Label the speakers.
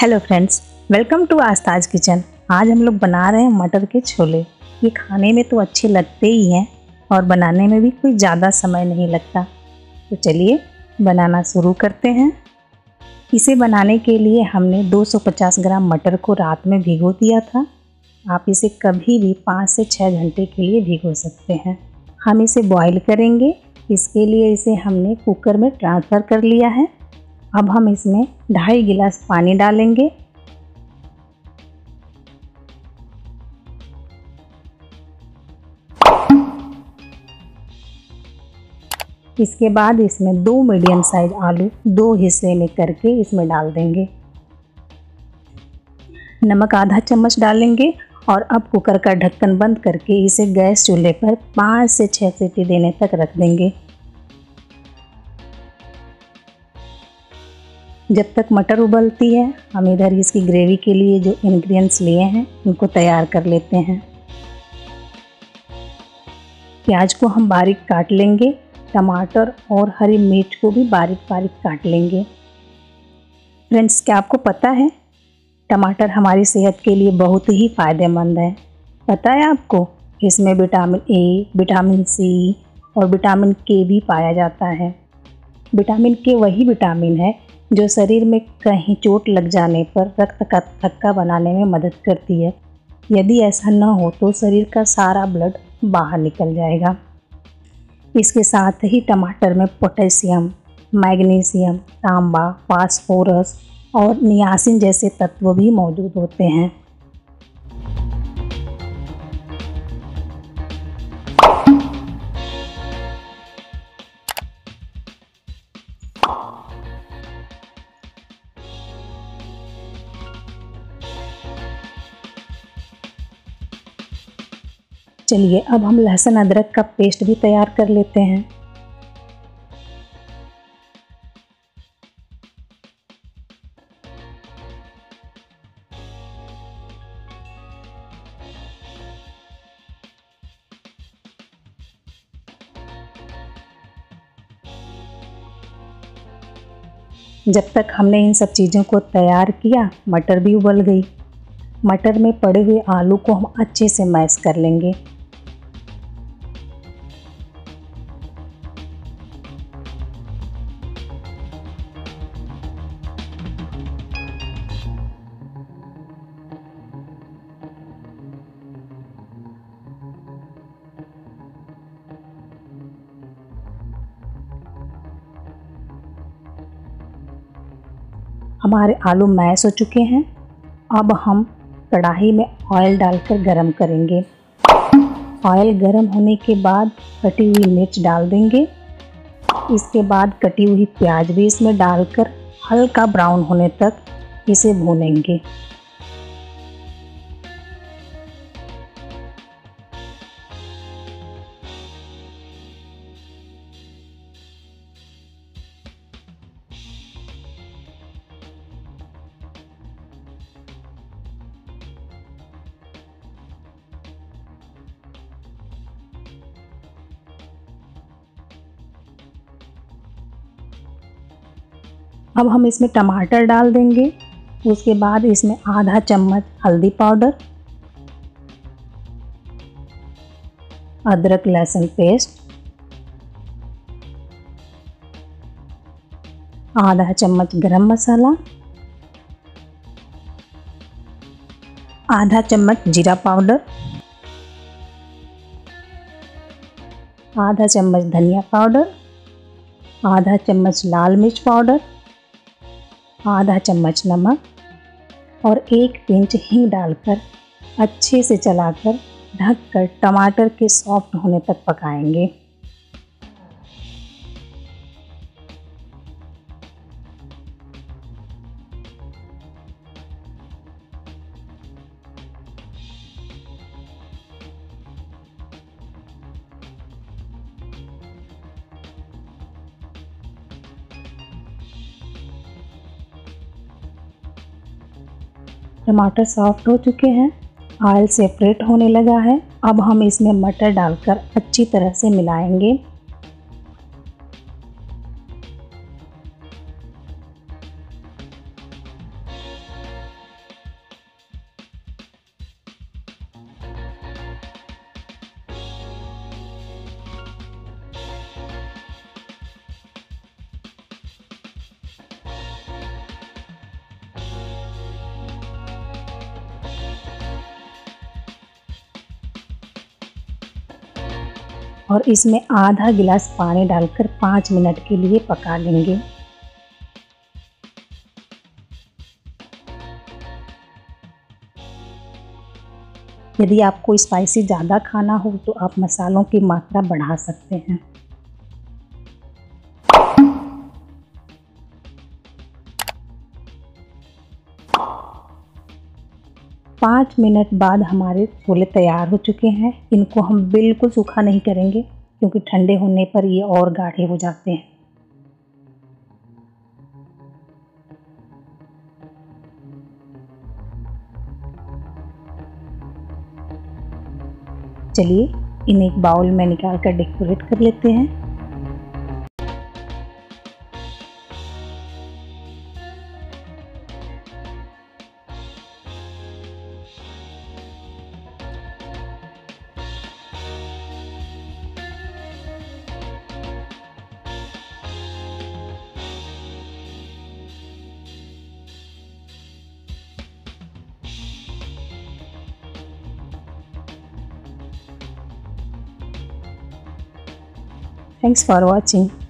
Speaker 1: Hello friends welcome to आस्ताज kitchen आज हम लोग बना रहे हैं मटर के छोले ये खाने में तो अच्छे लगते ही हैं और बनाने में भी कोई ज़्यादा समय नहीं लगता तो चलिए बनाना शुरू करते हैं इसे बनाने के लिए हमने 250 ग्राम मटर को रात में भिगो दिया था आप इसे कभी भी पाँच से छः घंटे के लिए भिगो सकते हैं हम इसे बॉईल करेंगे इसके लिए इसे हमने कुकर में ट्रांसफ़र कर लिया है अब हम इसमें ढाई गिलास पानी डालेंगे इसके बाद इसमें दो मीडियम साइज आलू दो हिस्से में करके इसमें डाल देंगे नमक आधा चम्मच डालेंगे और अब कुकर का ढक्कन बंद करके इसे गैस चूल्हे पर पाँच से छः सीटी देने तक रख देंगे जब तक मटर उबलती है हम इधर इसकी ग्रेवी के लिए जो इंग्रेडिएंट्स लिए हैं उनको तैयार कर लेते हैं प्याज को हम बारीक काट लेंगे टमाटर और हरी मिर्च को भी बारीक बारीक काट लेंगे फ्रेंड्स क्या आपको पता है टमाटर हमारी सेहत के लिए बहुत ही फ़ायदेमंद है पता है आपको इसमें विटामिन ए विटामिन सी और विटामिन के भी पाया जाता है विटामिन के वही विटामिन है जो शरीर में कहीं चोट लग जाने पर रक्त का थक्का बनाने में मदद करती है यदि ऐसा न हो तो शरीर का सारा ब्लड बाहर निकल जाएगा इसके साथ ही टमाटर में पोटेशियम मैग्नीशियम तांबा फास्फोरस और नियासिन जैसे तत्व भी मौजूद होते हैं चलिए अब हम लहसुन अदरक का पेस्ट भी तैयार कर लेते हैं जब तक हमने इन सब चीज़ों को तैयार किया मटर भी उबल गई मटर में पड़े हुए आलू को हम अच्छे से मैश कर लेंगे हमारे आलू मैश हो चुके हैं अब हम कढ़ाई में ऑयल डालकर गरम करेंगे ऑयल गरम होने के बाद कटी हुई मिर्च डाल देंगे इसके बाद कटी हुई प्याज भी इसमें डालकर हल्का ब्राउन होने तक इसे भूनेंगे अब हम इसमें टमाटर डाल देंगे उसके बाद इसमें आधा चम्मच हल्दी पाउडर अदरक लहसुन पेस्ट आधा चम्मच गरम मसाला आधा चम्मच जीरा पाउडर आधा चम्मच धनिया पाउडर आधा चम्मच लाल मिर्च पाउडर आधा चम्मच नमक और एक पिंच हींग डालकर अच्छे से चलाकर ढककर टमाटर के सॉफ्ट होने तक पकाएंगे टमाटर सॉफ्ट हो चुके हैं ऑयल सेपरेट होने लगा है अब हम इसमें मटर डालकर अच्छी तरह से मिलाएंगे और इसमें आधा गिलास पानी डालकर पाँच मिनट के लिए पका लेंगे यदि आपको स्पाइसी ज़्यादा खाना हो तो आप मसालों की मात्रा बढ़ा सकते हैं पाँच मिनट बाद हमारे छोले तैयार हो चुके हैं इनको हम बिल्कुल सूखा नहीं करेंगे क्योंकि ठंडे होने पर ये और गाढ़े हो जाते हैं चलिए इन्हें एक बाउल में निकाल कर डेकोरेट कर लेते हैं Thanks for watching.